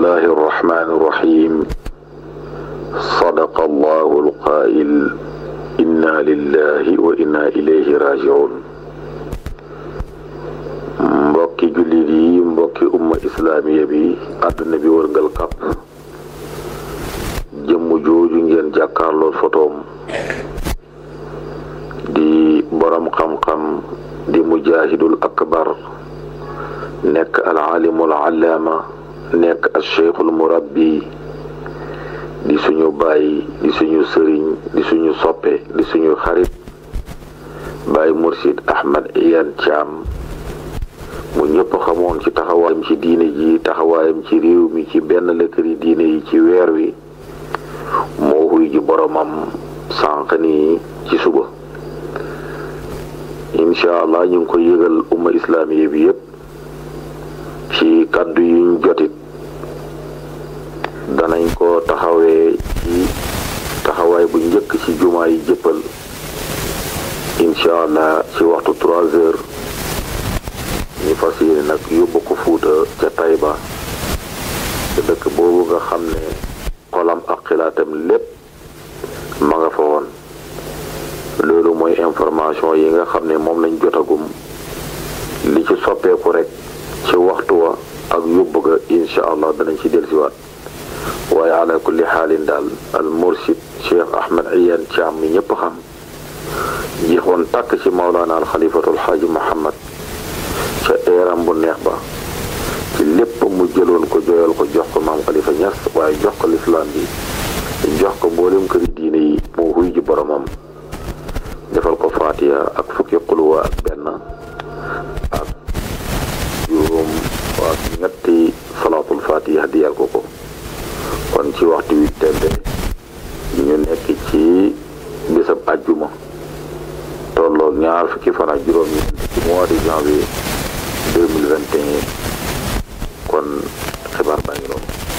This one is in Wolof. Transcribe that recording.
الله الرحمن الرحيم صدق الله القائل إنا لله وإنا إليه راجعون مبكي جلدي مبكي أمة إسلامية بي قد النبي ورق كاب جمو جوجو نجان جاكار لور فتوم دي برام قام قام دي مجاهد الأكبر نك العالم العلامة nekk al cheikhul murabbi di suñu bàyyi di suñu sëriñ di suñu soppe di suñu xarit bàyyi mursid ahmad iyan caam mu ñëpp xamoon ci taxawaayam ci diine ji ci réew mi ci benn lëkkëri diine yi ci weer wi moo wuy ji boromam sànq yi ci suba incha allah ñu ngi ko yëgal umma islaamiya bi yépp ci kàddu yuñ jotit danañ ko taxawee ci taxawaay bu njëkk ci jumaa yi jëppal incha allah ci waxtu trois heures ñu fas yéene nag yóbbu ko fuuta ca Tayba te dëkk boobu nga xam ne xolam ak xilaatam lépp ma nga fa woon loolu mooy information yi nga xam ne moom lañ jotagum li ci soppeeku rek ci waxtu wa ak yóbbu ga incha allah danañ ci dellusiwaat وعلى كل حال المرشد شيخ أحمد عيان شامي يبخم يخون تاكسي مولانا الخليفة الحاج محمد شئيران بنيخبا لب مجلون كو جويل كو جوخ مام خليفة نيخ وعي جوخ الإسلام دي جوخ كو بوليم كري ديني موهوي جبرمام نفال كو فاتيا أك فكي قلوة بينا أك يوم وأك نتي صلاة الفاتحة ديال كوكو ci waxtu wi tedd bi ñu nekk ci bisab àjjuma tolloog ñaar fukki fan ak juróom ñeent ci mois de janvier deux mille kon xibaar baa ngi